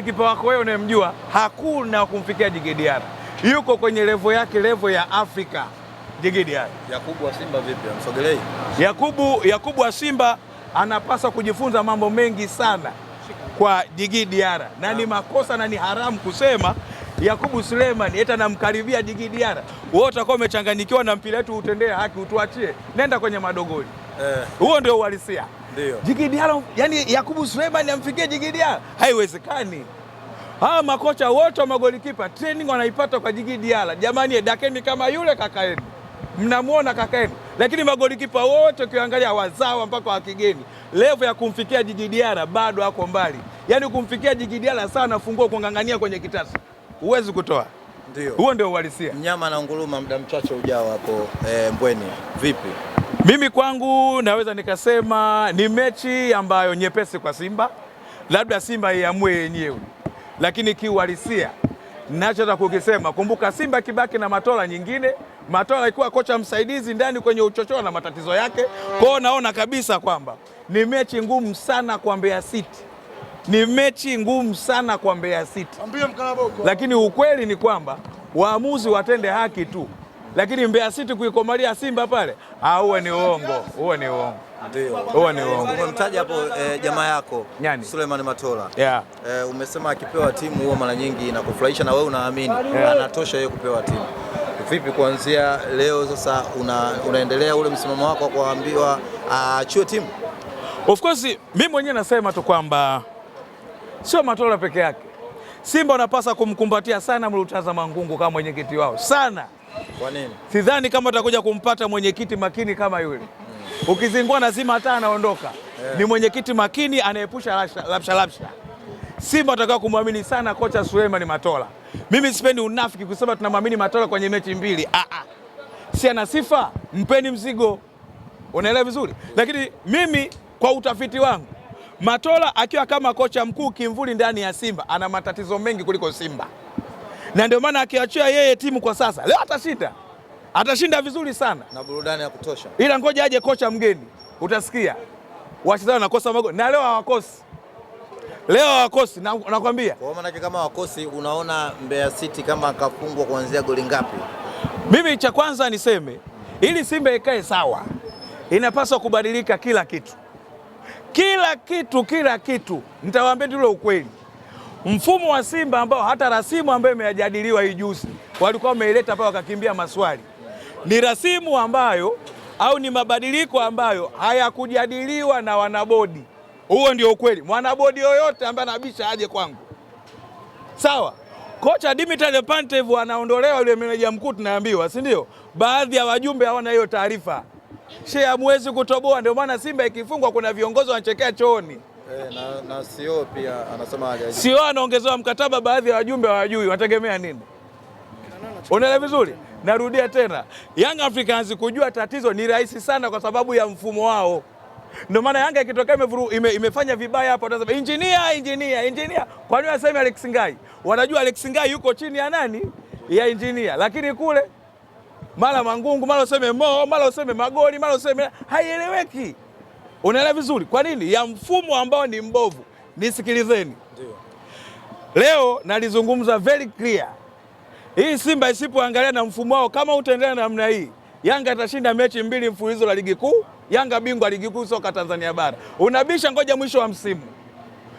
golikipa wako wewe unayemjua hakuna kumfikia Jigidiara, yuko kwenye levo yake, levo ya Afrika. Jigidiara Yakubu wa Simba vipi, amsogelei Yakubu? Yakubu wa Simba anapaswa kujifunza mambo mengi sana kwa Jigidiara na ni makosa na ni haramu kusema Yakubu Suleiman eta namkaribia Jigidiara. Wewe utakuwa umechanganyikiwa na mpira wetu, utendee haki, utuachie, nenda kwenye madogoli eh. Huo ndio uhalisia ndio Djigui yani Yakubu Suleiman amfikie Djigui haiwezekani. Hawa makocha wote wa magolikipa training wanaipata kwa Djigui Jamani, edakeni kama yule kaka yenu, mnamwona kaka yenu, lakini magolikipa wote ukiangalia, wazawa mpaka wa kigeni, level ya kumfikia Djigui bado ako mbali. Yaani kumfikia Djigui Diarra sawa na funguo kung'ang'ania kwenye kitasa, huwezi kutoa. Ndio huo ndio uhalisia. Mnyama na nguruma, muda mchache ujao hapo e, Mbweni vipi? Mimi kwangu naweza nikasema ni mechi ambayo nyepesi kwa Simba, labda Simba iamue yenyewe, lakini kiuhalisia nachotaka kukisema, kumbuka Simba kibaki na Matola nyingine, Matola alikuwa kocha msaidizi ndani kwenye uchochoro na matatizo yake. hiyo naona kabisa kwamba ni mechi ngumu sana kwa Mbeya City, ni mechi ngumu sana kwa Mbeya City, lakini ukweli ni kwamba waamuzi watende haki tu lakini Mbeya City kuikomalia Simba pale, ah, huo ni uongo, huo ni uongo, ndio, huo ni uongo. Umemtaja hapo eh, jamaa yako Nyani Suleiman Matola yeah. Eh, umesema akipewa timu huo mara nyingi inakufurahisha na wewe unaamini yeah. Eh, anatosha yeye kupewa timu Vipi kuanzia leo sasa una, unaendelea ule msimamo wako wa kuambiwa ah, achue timu? Of course mimi mwenyewe nasema tu kwamba sio Matola peke yake, Simba wanapaswa kumkumbatia sana Murtaza Mangungu kama mwenyekiti wao sana. Kwa nini? Sidhani kama utakuja kumpata mwenyekiti makini kama yule hmm. Ukizingua lazima hata anaondoka yeah. Ni mwenyekiti makini anaepusha lapsha lapsha, lapsha. Simba watakiwa kumwamini sana kocha Suleiman Matola. Mimi sipendi unafiki kusema tunamwamini Matola kwenye mechi mbili. Ah ah. Si ana sifa, mpeni mzigo. Unaelewa vizuri? Lakini mimi kwa utafiti wangu Matola akiwa kama kocha mkuu kimvuli ndani ya Simba ana matatizo mengi kuliko Simba, na ndio maana akiachia yeye timu kwa sasa, leo atashinda, atashinda vizuri sana na burudani ya kutosha, ila ngoja aje kocha mgeni, utasikia wachezaji wanakosa magoli na leo hawakosi leo hawakosi, nakwambia. Kwa maana kama wakosi unaona Mbeya City kama akafungwa kuanzia goli ngapi? Mimi cha kwanza niseme, ili Simba ikae sawa, inapaswa kubadilika kila kitu kila kitu, kila kitu. Nitawaambia tu ukweli, mfumo wa Simba ambao hata rasimu ambayo imejadiliwa hii juzi walikuwa wameileta pale wakakimbia maswali, ni rasimu ambayo au ni mabadiliko ambayo hayakujadiliwa na wanabodi. Huo ndio ukweli. Mwanabodi yoyote ambaye anabisha aje kwangu, sawa. Kocha Dimitar Lepantev anaondolewa, yule meneja mkuu tunaambiwa, si ndio? Baadhi ya wajumbe hawana hiyo taarifa she hamwezi kutoboa. Ndio maana Simba ikifungwa kuna viongozi wanachekea chooni. Eh, na, na sio pia anasema haja sio anaongezewa mkataba, baadhi ya wajumbe hawajui wanategemea nini. Unaelewa vizuri? Narudia tena, Young Africans kujua tatizo ni rahisi sana, kwa sababu ya mfumo wao. Ndio maana Yanga ikitokea ime, imefanya vibaya hapa, utasema injinia, injinia, injinia. Kwa nini waseme Alex Ngai? Wanajua Alex Ngai yuko chini ya nani? Ya injinia, lakini kule mara mangungu, mara useme mo, mara useme magoli, mara useme haieleweki. Unaelewa vizuri kwa nini ya mfumo ambao ni mbovu. Nisikilizeni, leo nalizungumza very clear. Hii Simba isipoangalia na mfumo wao, kama utaendelea namna hii, Yanga atashinda mechi mbili mfululizo la ligi kuu. Yanga bingwa ligi kuu soka Tanzania bara, unabisha ngoja mwisho wa msimu.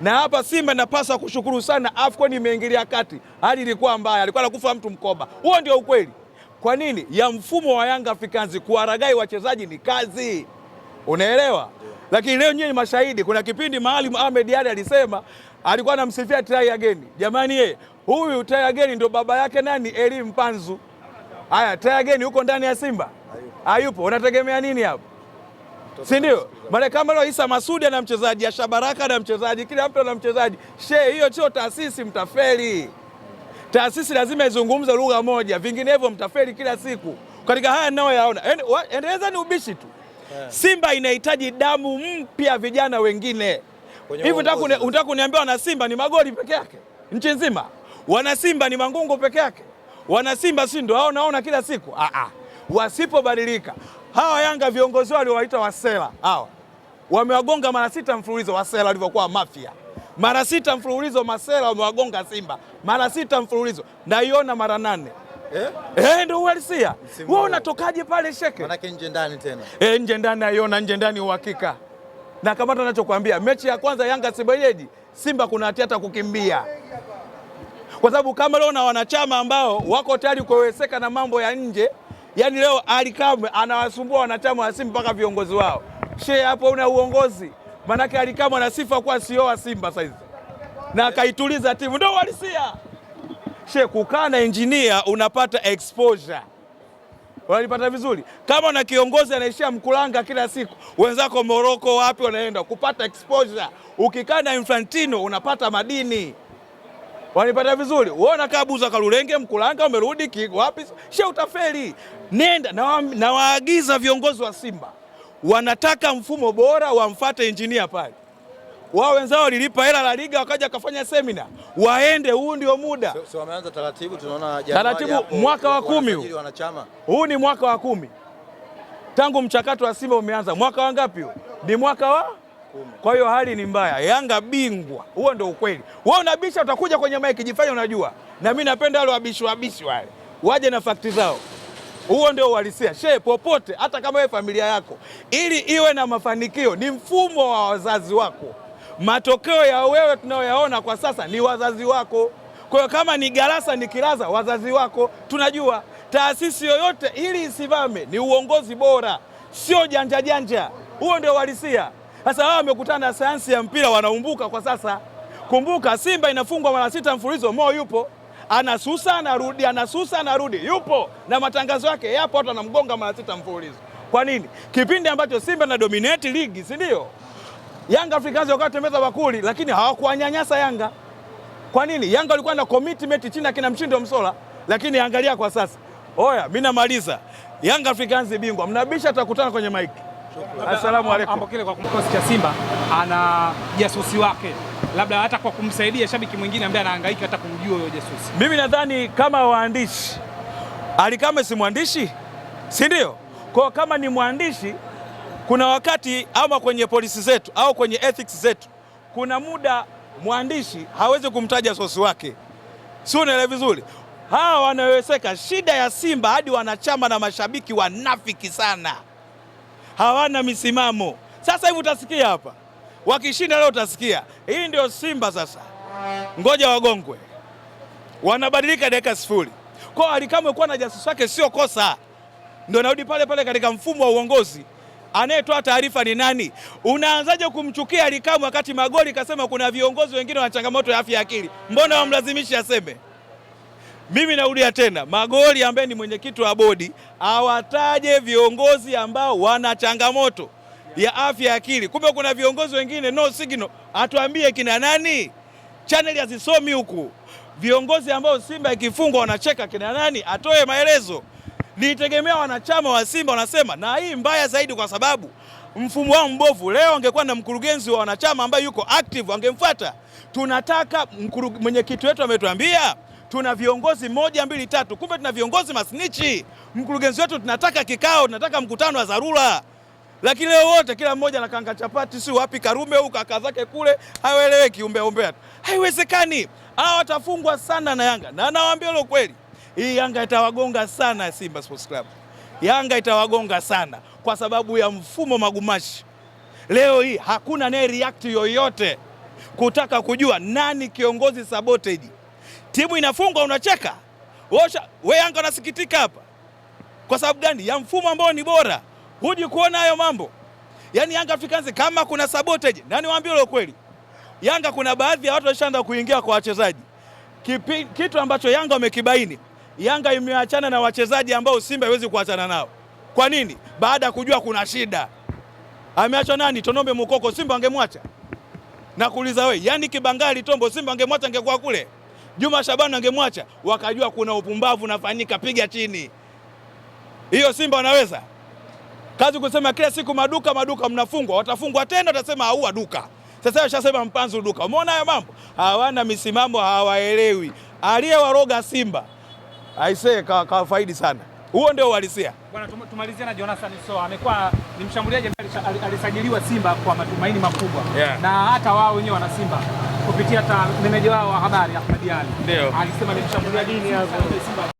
Na hapa Simba napaswa kushukuru sana AFCON imeingilia kati, hali ilikuwa mbaya, alikuwa anakufa mtu mkoba. Huo ndio ukweli. Kwa nini? ya mfumo wa Yanga Africans kuwaragai wachezaji ni kazi, unaelewa? Lakini leo nyinyi ni mashahidi. Kuna kipindi maalum Ahmed Ali alisema, alikuwa anamsifia try again. Jamani ye, huyu try again ndio baba yake nani? Eli Mpanzu. Haya, try again huko ndani ya Simba hayupo, unategemea nini hapo? Si ndio? Maana kama leo Isa Masudi ana mchezaji, ashabaraka Baraka na mchezaji, kila mtu ana mchezaji. She, hiyo sio taasisi, mtafeli. Taasisi lazima izungumze lugha moja, vinginevyo mtafeli kila siku katika haya ninayoyaona. Yaani endeleza ni ubishi tu. Eh. Simba inahitaji damu mpya, vijana wengine. Hivi unataka kuniambia wanasimba ni magoli peke yake nchi nzima? Wanasimba ni mangungu peke yake? Wanasimba si ndio hao naona kila siku? Ah, ah. Wasipobadilika hawa Yanga viongozi wao waliowaita wasela hawa wamewagonga mara sita mfululizo, wasela walivyokuwa mafia mara sita mfululizo Masela wamewagonga Simba mara sita mfululizo, naiona mara nane eh? Eh, ndio uhalisia. Wewe unatokaje pale Sheke? Manake nje ndani tena eh, nje ndani naiona nje ndani uhakika na kamata nachokwambia, mechi ya kwanza Yanga sibaeji Simba kuna hatia hata kukimbia, kwa sababu kama leo na wanachama ambao wako tayari kuweseka na mambo ya nje, yani leo Alikamwe anawasumbua wanachama wa Simba mpaka viongozi wao. Shee hapo una uongozi Manake alikamwa na sifa kuwa sio wa Simba saizi na akaituliza timu, ndio uhalisia she. Kukaa na engineer unapata exposure, unalipata vizuri. Kama na kiongozi anaishia mkulanga kila siku, wenzako Moroko wapi wanaenda kupata exposure. Ukikaa na Infantino unapata madini, wanipata vizuri. Wewe unakaa Buza Kalulenge, mkulanga umerudi wapi? She utafeli. Nenda na nawaagiza viongozi wa Simba wanataka mfumo bora, wamfate injinia pale. Wao wenzao walilipa hela la liga, wakaja wakafanya semina, waende. Huu ndio muda so, so wameanza taratibu, tunaona taratibu yapo, mwaka wa kumi huu ni mwaka wa kumi tangu mchakato wa Simba umeanza. Mwaka wa ngapi huu? Ni mwaka wa kwa hiyo hali ni mbaya. Yanga bingwa, huo ndio ukweli. Wewe unabisha, utakuja kwenye maiki, jifanya unajua. Na mimi napenda wale wabishi wabishi wale, waje na fakti zao. Huo ndio uhalisia. shee popote hata kama wewe familia yako ili iwe na mafanikio ni mfumo wa wazazi wako. Matokeo ya wewe tunayoyaona kwa sasa ni wazazi wako. Kwa hiyo kama ni Galasa ni Kilaza, wazazi wako. Tunajua taasisi yoyote ili isimame ni uongozi bora, sio janja janja. Huo ndio uhalisia. Sasa wao wamekutana na sayansi ya mpira, wanaumbuka kwa sasa. Kumbuka Simba inafungwa mara sita mfululizo, Mo yupo anasusa anarudi, anasusa anarudi, yupo na matangazo yake yapo, watu anamgonga mara sita mfululizo. Kwa nini? Kipindi ambacho Simba na dominate ligi, si ndio? Yanga Africans tembeza bakuli, lakini hawakuwanyanyasa Yanga. Kwa nini? Yanga walikuwa na commitment chini akina Mshindo Msola, lakini angalia kwa sasa. Oya, mimi namaliza. Yanga Africans bingwa, mnabisha, tutakutana kwenye mike. Assalamu alaykum. Kwa kikosi cha Simba ana jasusi wake, labda hata kwa kumsaidia shabiki mwingine ambaye anahangaika hata kumjua huyo jasusi. Mimi nadhani kama waandishi, Ally Kamwe si mwandishi, si ndio? Kwa kama ni mwandishi, kuna wakati ama kwenye polisi zetu au kwenye ethics zetu, kuna muda mwandishi hawezi kumtaja sosi wake, si unaelewa vizuri? Hawa wanawezeka. Shida ya Simba hadi wanachama na mashabiki wanafiki sana, hawana misimamo. Sasa hivi utasikia hapa Wakishinda leo utasikia hii ndio Simba sasa, ngoja wagongwe, wanabadilika dakika sifuri. Kwa hiyo Alikamwe kuwa na jasusi wake sio kosa, ndio narudi pale pale katika mfumo wa uongozi anayetoa taarifa ni nani? Unaanzaje kumchukia alikamwe wakati Magoli kasema kuna viongozi wengine wana changamoto ya afya ya akili? Mbona wamlazimishi aseme? Mimi naudia tena, Magoli ambaye ni mwenyekiti wa bodi awataje viongozi ambao wana changamoto ya afya ya akili. Kumbe kuna viongozi wengine no signal, atuambie kina nani? Chaneli hazisomi huku. Viongozi ambao Simba ikifungwa wanacheka kina nani? Atoe maelezo. Nilitegemea wanachama wa Simba wanasema, na hii mbaya zaidi kwa sababu mfumo wao mbovu. Leo angekuwa na mkurugenzi wa wanachama ambaye yuko active, angemfuata. Tunataka mwenyekiti wetu ametuambia tuna viongozi moja mbili tatu, kumbe tuna viongozi masnichi. Mkurugenzi wetu tunataka kikao, tunataka mkutano wa dharura. Lakini leo wote kila mmoja na chapati, si wapi Karume huko kaka zake kule, haieleweki umbea umbea, haiwezekani. Hawa watafungwa sana na Yanga, na nawaambia leo kweli, hii Yanga itawagonga sana Simba Sports Club. Yanga itawagonga sana kwa sababu ya mfumo magumashi. Leo hii hakuna naye react yoyote kutaka kujua nani kiongozi sabotage. Timu inafungwa unacheka, wewe Yanga unasikitika hapa kwa sababu gani? Ya mfumo ambao ni bora. Huji kuona hayo mambo yaani, Yanga Africans kama kuna sabotage, nani waambie ile kweli? Yanga kuna baadhi ya watu washaanza kuingia kwa wachezaji, Kipi, kitu ambacho Yanga wamekibaini. Yanga imeachana na wachezaji ambao Simba haiwezi kuachana nao. Kwa nini? Baada ya kujua kuna shida. Ameachwa nani? Tonombe Mukoko, Simba angemwacha na kuuliza wewe, yani Kibangali Tombo, Simba angemwacha, angekuwa kule. Juma Shabani angemwacha, wakajua kuna upumbavu unafanyika, piga chini. Hiyo Simba wanaweza Kazi kusema kila siku maduka maduka mnafungwa, watafungwa tena, watasema haua duka. Sasa washasema mpanzu duka. Umeona hayo mambo, hawana misimamo, hawaelewi. Aliyewaroga Simba aisee, kawafaidi sana. Huo ndio uhalisia bwana. Tumalizia na Jonathan Soa, amekuwa ni mshambuliaji ambaye alisajiliwa Simba kwa matumaini makubwa yeah. na hata wao wenyewe wana Simba kupitia meneja wao wa habari Ahmed Ali ndio alisema ni mshambuliaji Simba